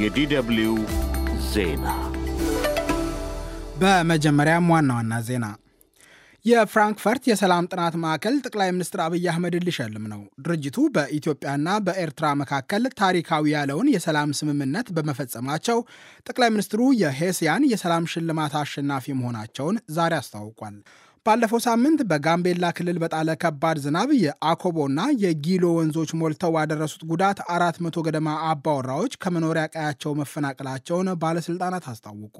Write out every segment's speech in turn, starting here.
የዲደብሊው ዜና በመጀመሪያም ዋና ዋና ዜና የፍራንክፈርት የሰላም ጥናት ማዕከል ጠቅላይ ሚኒስትር አብይ አህመድን ሊሸልም ነው። ድርጅቱ በኢትዮጵያና በኤርትራ መካከል ታሪካዊ ያለውን የሰላም ስምምነት በመፈጸማቸው ጠቅላይ ሚኒስትሩ የሄስያን የሰላም ሽልማት አሸናፊ መሆናቸውን ዛሬ አስታውቋል። ባለፈው ሳምንት በጋምቤላ ክልል በጣለ ከባድ ዝናብ የአኮቦና የጊሎ ወንዞች ሞልተው ባደረሱት ጉዳት አራት መቶ ገደማ አባወራዎች ከመኖሪያ ቀያቸው መፈናቀላቸውን ባለስልጣናት አስታወቁ።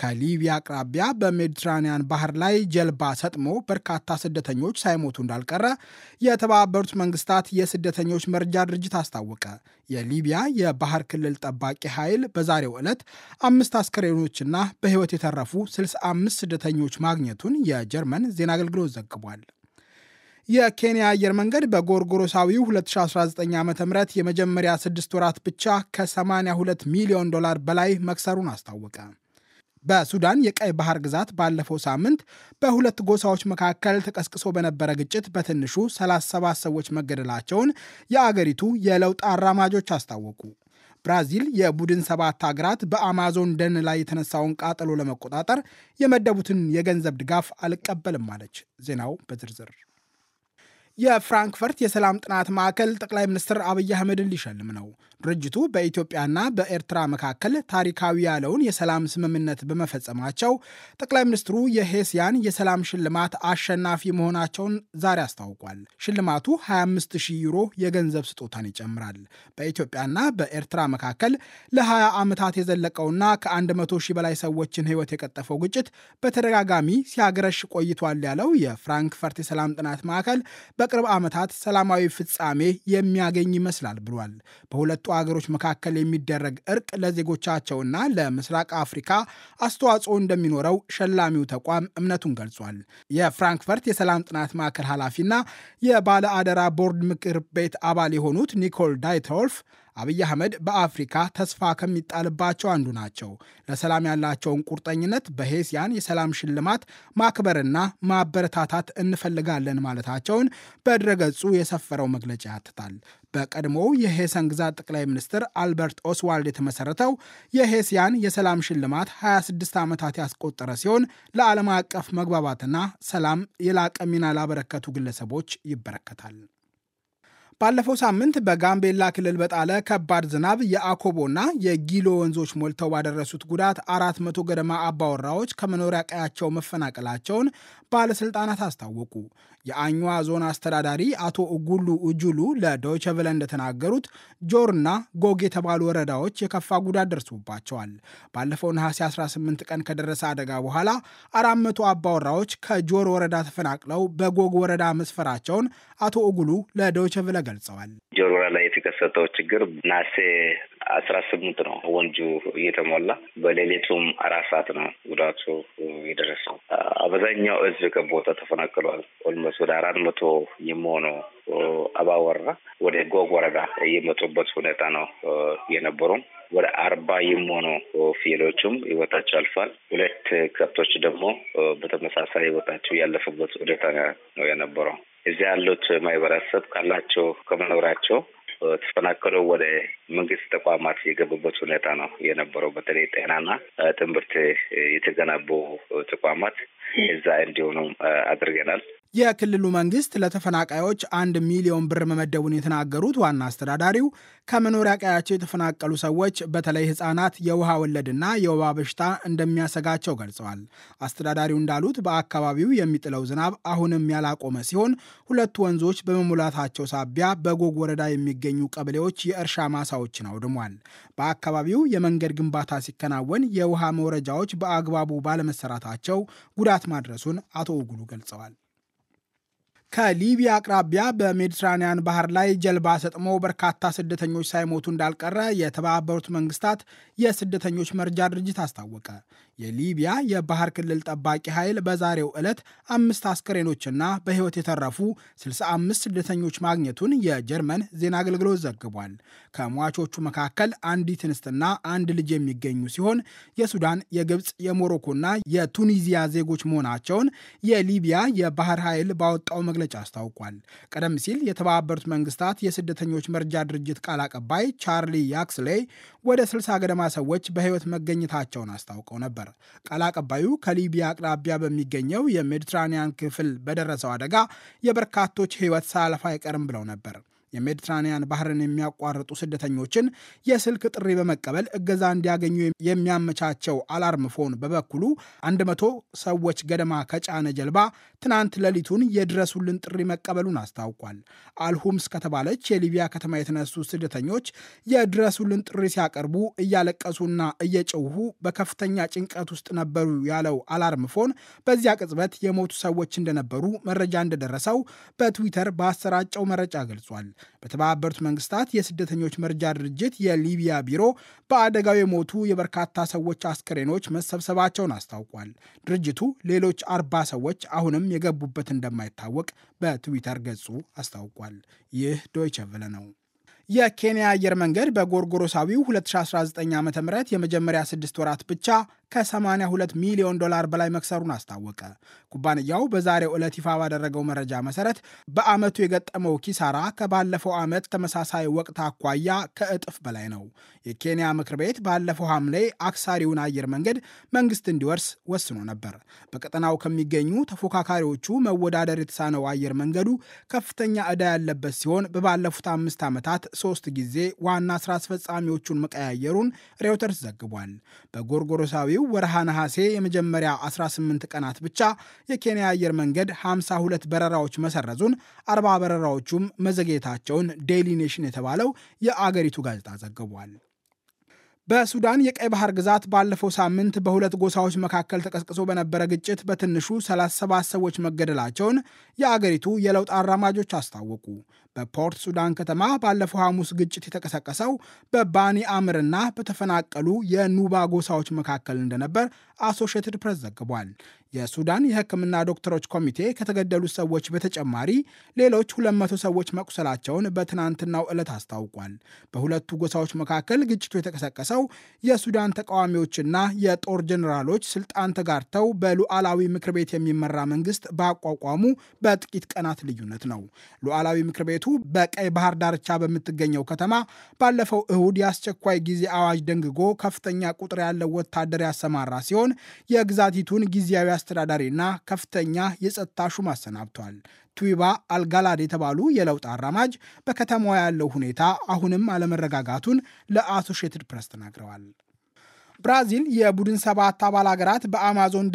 ከሊቢያ አቅራቢያ በሜዲትራኒያን ባህር ላይ ጀልባ ሰጥሞ በርካታ ስደተኞች ሳይሞቱ እንዳልቀረ የተባበሩት መንግስታት የስደተኞች መርጃ ድርጅት አስታወቀ። የሊቢያ የባህር ክልል ጠባቂ ኃይል በዛሬው ዕለት አምስት አስከሬኖችና በሕይወት የተረፉ 65 ስደተኞች ማግኘቱን የጀርመን ዜና አገልግሎት ዘግቧል። የኬንያ አየር መንገድ በጎርጎሮሳዊው 2019 ዓ ም የመጀመሪያ ስድስት ወራት ብቻ ከ82 ሚሊዮን ዶላር በላይ መክሰሩን አስታወቀ። በሱዳን የቀይ ባህር ግዛት ባለፈው ሳምንት በሁለት ጎሳዎች መካከል ተቀስቅሶ በነበረ ግጭት በትንሹ 37 ሰዎች መገደላቸውን የአገሪቱ የለውጥ አራማጆች አስታወቁ። ብራዚል የቡድን ሰባት ሀገራት በአማዞን ደን ላይ የተነሳውን ቃጠሎ ለመቆጣጠር የመደቡትን የገንዘብ ድጋፍ አልቀበልም አለች። ዜናው በዝርዝር የፍራንክፈርት የሰላም ጥናት ማዕከል ጠቅላይ ሚኒስትር አብይ አህመድን ሊሸልም ነው። ድርጅቱ በኢትዮጵያና በኤርትራ መካከል ታሪካዊ ያለውን የሰላም ስምምነት በመፈጸማቸው ጠቅላይ ሚኒስትሩ የሄስያን የሰላም ሽልማት አሸናፊ መሆናቸውን ዛሬ አስታውቋል። ሽልማቱ 25 ዩሮ የገንዘብ ስጦታን ይጨምራል። በኢትዮጵያና በኤርትራ መካከል ለ20 ዓመታት የዘለቀውና ከ100 ሺህ በላይ ሰዎችን ሕይወት የቀጠፈው ግጭት በተደጋጋሚ ሲያገረሽ ቆይቷል ያለው የፍራንክፈርት የሰላም ጥናት ማዕከል በቅርብ ዓመታት ሰላማዊ ፍጻሜ የሚያገኝ ይመስላል ብሏል። በሁለቱ አገሮች መካከል የሚደረግ እርቅ ለዜጎቻቸውና ለምስራቅ አፍሪካ አስተዋጽኦ እንደሚኖረው ሸላሚው ተቋም እምነቱን ገልጿል። የፍራንክፈርት የሰላም ጥናት ማዕከል ኃላፊና የባለ አደራ ቦርድ ምክር ቤት አባል የሆኑት ኒኮል ዳይተወልፍ አብይ አህመድ በአፍሪካ ተስፋ ከሚጣልባቸው አንዱ ናቸው። ለሰላም ያላቸውን ቁርጠኝነት በሄሲያን የሰላም ሽልማት ማክበርና ማበረታታት እንፈልጋለን ማለታቸውን በድረገጹ የሰፈረው መግለጫ ያትታል። በቀድሞው የሄሰን ግዛት ጠቅላይ ሚኒስትር አልበርት ኦስዋልድ የተመሰረተው የሄሲያን የሰላም ሽልማት 26 ዓመታት ያስቆጠረ ሲሆን ለዓለም አቀፍ መግባባትና ሰላም የላቀ ሚና ላበረከቱ ግለሰቦች ይበረከታል። ባለፈው ሳምንት በጋምቤላ ክልል በጣለ ከባድ ዝናብ የአኮቦና የጊሎ ወንዞች ሞልተው ባደረሱት ጉዳት አራት መቶ ገደማ አባወራዎች ከመኖሪያ ቀያቸው መፈናቀላቸውን ባለስልጣናት አስታወቁ። የአኟ ዞን አስተዳዳሪ አቶ እጉሉ እጁሉ ለዶይቸ ቨለ እንደተናገሩት ጆርና ጎግ የተባሉ ወረዳዎች የከፋ ጉዳት ደርሶባቸዋል። ባለፈው ነሐሴ 18 ቀን ከደረሰ አደጋ በኋላ አራት መቶ አባወራዎች ከጆር ወረዳ ተፈናቅለው በጎግ ወረዳ መስፈራቸውን አቶ እጉሉ ለዶይቸ ቨለ ገልጸዋል። ጆሮራ ላይ የተከሰተው ችግር ናሴ አስራ ስምንት ነው ወንጁ እየተሞላ በሌሊቱም አራት ሰዓት ነው ጉዳቱ የደረሰው። አብዛኛው እዝ ከቦታ ተፈናቅሏል። ኦልሞስ ወደ አራት መቶ የሚሆነው አባወራ ወደ ጎግ ወረዳ የመጡበት ሁኔታ ነው የነበሩም ወደ አርባ የሚሆኑ ፍየሎችም ህይወታቸው አልፏል። ሁለት ከብቶች ደግሞ በተመሳሳይ ህይወታቸው ያለፈበት ሁኔታ ነው የነበረው። እዚያ ያሉት ማህበረሰብ ካላቸው ከመኖራቸው ተፈናቅለው ወደ መንግስት ተቋማት የገቡበት ሁኔታ ነው የነበረው። በተለይ ጤናና ትምህርት የተገነቡ ተቋማት እዛ እንዲሆኑም አድርገናል። የክልሉ መንግስት ለተፈናቃዮች አንድ ሚሊዮን ብር መመደቡን የተናገሩት ዋና አስተዳዳሪው ከመኖሪያ ቀያቸው የተፈናቀሉ ሰዎች በተለይ ህጻናት የውሃ ወለድና የወባ በሽታ እንደሚያሰጋቸው ገልጸዋል። አስተዳዳሪው እንዳሉት በአካባቢው የሚጥለው ዝናብ አሁንም ያላቆመ ሲሆን ሁለቱ ወንዞች በመሙላታቸው ሳቢያ በጎግ ወረዳ የሚገኙ ቀበሌዎች የእርሻ ማሳዎችን አውድሟል። በአካባቢው የመንገድ ግንባታ ሲከናወን የውሃ መውረጃዎች በአግባቡ ባለመሰራታቸው ጉዳት ማድረሱን አቶ ኡጉሉ ገልጸዋል። ከሊቢያ አቅራቢያ በሜዲትራንያን ባህር ላይ ጀልባ ሰጥሞ በርካታ ስደተኞች ሳይሞቱ እንዳልቀረ የተባበሩት መንግስታት የስደተኞች መርጃ ድርጅት አስታወቀ። የሊቢያ የባህር ክልል ጠባቂ ኃይል በዛሬው ዕለት አምስት አስከሬኖችና በሕይወት የተረፉ 65 ስደተኞች ማግኘቱን የጀርመን ዜና አገልግሎት ዘግቧል። ከሟቾቹ መካከል አንዲት እንስትና አንድ ልጅ የሚገኙ ሲሆን የሱዳን፣ የግብፅ፣ የሞሮኮና የቱኒዚያ ዜጎች መሆናቸውን የሊቢያ የባህር ኃይል ባወጣው መግለ መግለጫ አስታውቋል። ቀደም ሲል የተባበሩት መንግስታት የስደተኞች መርጃ ድርጅት ቃል አቀባይ ቻርሊ ያክስሌይ ወደ ስልሳ ገደማ ሰዎች በህይወት መገኘታቸውን አስታውቀው ነበር። ቃል አቀባዩ ከሊቢያ አቅራቢያ በሚገኘው የሜዲትራኒያን ክፍል በደረሰው አደጋ የበርካቶች ህይወት ሳያልፍ አይቀርም ብለው ነበር። የሜዲትራኒያን ባህርን የሚያቋርጡ ስደተኞችን የስልክ ጥሪ በመቀበል እገዛ እንዲያገኙ የሚያመቻቸው አላርም ፎን በበኩሉ 100 ሰዎች ገደማ ከጫነ ጀልባ ትናንት ሌሊቱን የድረሱልን ጥሪ መቀበሉን አስታውቋል። አልሁምስ ከተባለች የሊቢያ ከተማ የተነሱ ስደተኞች የድረሱልን ጥሪ ሲያቀርቡ እያለቀሱና እየጨውሁ በከፍተኛ ጭንቀት ውስጥ ነበሩ ያለው አላርም ፎን በዚያ ቅጽበት የሞቱ ሰዎች እንደነበሩ መረጃ እንደደረሰው በትዊተር በአሰራጨው መረጃ ገልጿል። በተባበሩት መንግስታት የስደተኞች መርጃ ድርጅት የሊቢያ ቢሮ በአደጋው የሞቱ የበርካታ ሰዎች አስከሬኖች መሰብሰባቸውን አስታውቋል። ድርጅቱ ሌሎች አርባ ሰዎች አሁንም የገቡበት እንደማይታወቅ በትዊተር ገጹ አስታውቋል። ይህ ዶይቸ ቨለ ነው። የኬንያ አየር መንገድ በጎርጎሮሳዊው 2019 ዓ ም የመጀመሪያ ስድስት ወራት ብቻ ከ82 ሚሊዮን ዶላር በላይ መክሰሩን አስታወቀ። ኩባንያው በዛሬው ዕለት ይፋ ባደረገው መረጃ መሰረት በዓመቱ የገጠመው ኪሳራ ከባለፈው ዓመት ተመሳሳይ ወቅት አኳያ ከእጥፍ በላይ ነው። የኬንያ ምክር ቤት ባለፈው ሐምሌ አክሳሪውን አየር መንገድ መንግስት እንዲወርስ ወስኖ ነበር። በቀጠናው ከሚገኙ ተፎካካሪዎቹ መወዳደር የተሳነው አየር መንገዱ ከፍተኛ ዕዳ ያለበት ሲሆን በባለፉት አምስት ዓመታት ሶስት ጊዜ ዋና ስራ አስፈጻሚዎቹን መቀያየሩን ሬውተርስ ዘግቧል። በጎርጎሮሳዊው በመጪው ወርሃ ነሐሴ የመጀመሪያ 18 ቀናት ብቻ የኬንያ አየር መንገድ 52 በረራዎች መሰረዙን፣ 40 በረራዎቹም መዘግየታቸውን ዴይሊ ኔሽን የተባለው የአገሪቱ ጋዜጣ ዘግቧል። በሱዳን የቀይ ባህር ግዛት ባለፈው ሳምንት በሁለት ጎሳዎች መካከል ተቀስቅሶ በነበረ ግጭት በትንሹ 37 ሰዎች መገደላቸውን የአገሪቱ የለውጥ አራማጆች አስታወቁ። በፖርት ሱዳን ከተማ ባለፈው ሐሙስ ግጭት የተቀሰቀሰው በባኒ አምርና በተፈናቀሉ የኑባ ጎሳዎች መካከል እንደነበር አሶሽትድ ፕሬስ ዘግቧል። የሱዳን የሕክምና ዶክተሮች ኮሚቴ ከተገደሉት ሰዎች በተጨማሪ ሌሎች 200 ሰዎች መቁሰላቸውን በትናንትናው ዕለት አስታውቋል። በሁለቱ ጎሳዎች መካከል ግጭቱ የተቀሰቀሰው የሱዳን ተቃዋሚዎችና የጦር ጀኔራሎች ስልጣን ተጋርተው በሉዓላዊ ምክር ቤት የሚመራ መንግስት ባቋቋሙ በጥቂት ቀናት ልዩነት ነው። ሉዓላዊ ምክር ቤቱ ቤቱ በቀይ ባህር ዳርቻ በምትገኘው ከተማ ባለፈው እሁድ የአስቸኳይ ጊዜ አዋጅ ደንግጎ ከፍተኛ ቁጥር ያለው ወታደር ያሰማራ ሲሆን የግዛቲቱን ጊዜያዊ አስተዳዳሪና ከፍተኛ የጸጥታ ሹም አሰናብቷል። ቱዊባ አልጋላድ የተባሉ የለውጥ አራማጅ በከተማዋ ያለው ሁኔታ አሁንም አለመረጋጋቱን ለአሶሽትድ ፕሬስ ተናግረዋል። ብራዚል የቡድን ሰባት አባል ሀገራት በአማዞን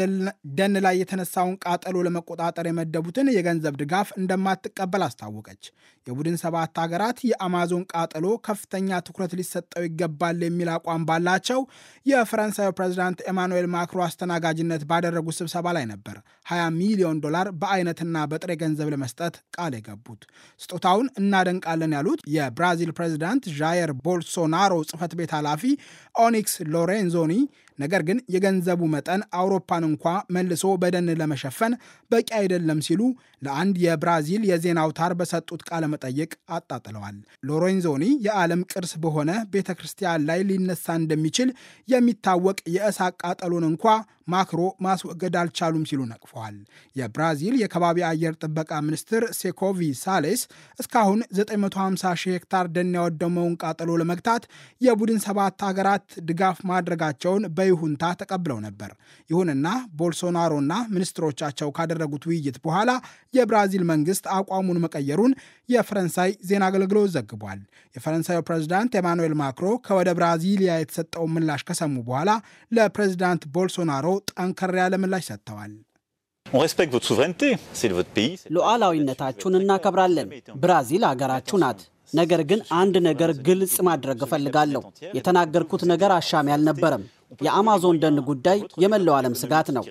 ደን ላይ የተነሳውን ቃጠሎ ለመቆጣጠር የመደቡትን የገንዘብ ድጋፍ እንደማትቀበል አስታወቀች። የቡድን ሰባት ሀገራት የአማዞን ቃጠሎ ከፍተኛ ትኩረት ሊሰጠው ይገባል የሚል አቋም ባላቸው የፈረንሳዩ ፕሬዚዳንት ኤማኑኤል ማክሮ አስተናጋጅነት ባደረጉት ስብሰባ ላይ ነበር 20 ሚሊዮን ዶላር በአይነትና በጥሬ ገንዘብ ለመስጠት ቃል የገቡት። ስጦታውን እናደንቃለን ያሉት የብራዚል ፕሬዚዳንት ዣየር ቦልሶናሮ ጽህፈት ቤት ኃላፊ ኦኒክስ ሎሬንዞኒ ነገር ግን የገንዘቡ መጠን አውሮፓን እንኳ መልሶ በደን ለመሸፈን በቂ አይደለም ሲሉ ለአንድ የብራዚል የዜና አውታር በሰጡት ቃለ መጠይቅ አጣጥለዋል። ሎሬንዞኒ የዓለም ቅርስ በሆነ ቤተ ክርስቲያን ላይ ሊነሳ እንደሚችል የሚታወቅ የእሳት ቃጠሎን እንኳ ማክሮ ማስወገድ አልቻሉም ሲሉ ነቅፈዋል። የብራዚል የከባቢ አየር ጥበቃ ሚኒስትር ሴኮቪ ሳሌስ እስካሁን 950 ሺህ ሄክታር ደን ያወደመውን ቃጠሎ ለመግታት የቡድን ሰባት ሀገራት ድጋፍ ማድረጋቸውን በ በይሁንታ ተቀብለው ነበር። ይሁንና ቦልሶናሮና ሚኒስትሮቻቸው ካደረጉት ውይይት በኋላ የብራዚል መንግስት አቋሙን መቀየሩን የፈረንሳይ ዜና አገልግሎት ዘግቧል። የፈረንሳዩ ፕሬዚዳንት ኤማኑኤል ማክሮ ከወደ ብራዚሊያ የተሰጠውን ምላሽ ከሰሙ በኋላ ለፕሬዚዳንት ቦልሶናሮ ጠንከር ያለ ምላሽ ሰጥተዋል። ሉዓላዊነታችሁን እናከብራለን። ብራዚል አገራችሁ ናት። ነገር ግን አንድ ነገር ግልጽ ማድረግ እፈልጋለሁ። የተናገርኩት ነገር አሻሚ አልነበረም። የአማዞን ደን ጉዳይ የመላው ዓለም ስጋት ነው።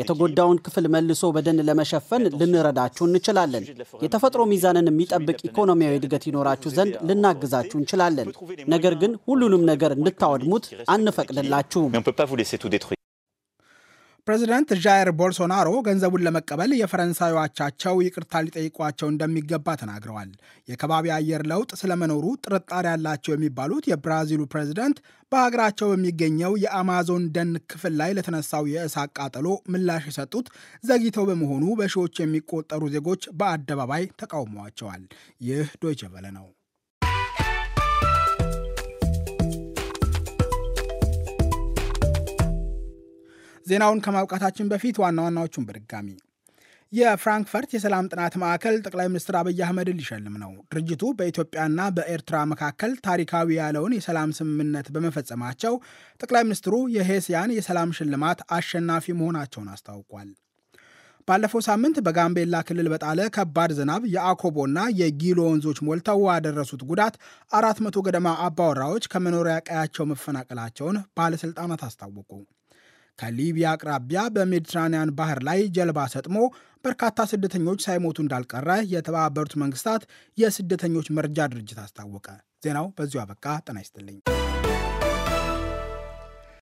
የተጎዳውን ክፍል መልሶ በደን ለመሸፈን ልንረዳችሁ እንችላለን። የተፈጥሮ ሚዛንን የሚጠብቅ ኢኮኖሚያዊ እድገት ይኖራችሁ ዘንድ ልናግዛችሁ እንችላለን። ነገር ግን ሁሉንም ነገር እንድታወድሙት አንፈቅድላችሁም። ፕሬዚደንት ዣይር ቦልሶናሮ ገንዘቡን ለመቀበል የፈረንሳዩ አቻቸው ይቅርታ ሊጠይቋቸው እንደሚገባ ተናግረዋል። የከባቢ አየር ለውጥ ስለመኖሩ ጥርጣሬ ያላቸው የሚባሉት የብራዚሉ ፕሬዚደንት በሀገራቸው በሚገኘው የአማዞን ደን ክፍል ላይ ለተነሳው የእሳት ቃጠሎ ምላሽ የሰጡት ዘግይተው በመሆኑ በሺዎች የሚቆጠሩ ዜጎች በአደባባይ ተቃውመዋቸዋል። ይህ ዶይቸ ቬለ ነው። ዜናውን ከማብቃታችን በፊት ዋና ዋናዎቹን በድጋሚ የፍራንክፈርት የሰላም ጥናት ማዕከል ጠቅላይ ሚኒስትር አብይ አህመድን ሊሸልም ነው። ድርጅቱ በኢትዮጵያና በኤርትራ መካከል ታሪካዊ ያለውን የሰላም ስምምነት በመፈጸማቸው ጠቅላይ ሚኒስትሩ የሄስያን የሰላም ሽልማት አሸናፊ መሆናቸውን አስታውቋል። ባለፈው ሳምንት በጋምቤላ ክልል በጣለ ከባድ ዝናብ የአኮቦና የጊሎ ወንዞች ሞልተው ያደረሱት ጉዳት አራት መቶ ገደማ አባወራዎች ከመኖሪያ ቀያቸው መፈናቀላቸውን ባለሥልጣናት አስታወቁ። ከሊቢያ አቅራቢያ በሜዲትራንያን ባህር ላይ ጀልባ ሰጥሞ በርካታ ስደተኞች ሳይሞቱ እንዳልቀረ የተባበሩት መንግስታት የስደተኞች መርጃ ድርጅት አስታወቀ። ዜናው በዚሁ አበቃ። ጤና ይስጥልኝ።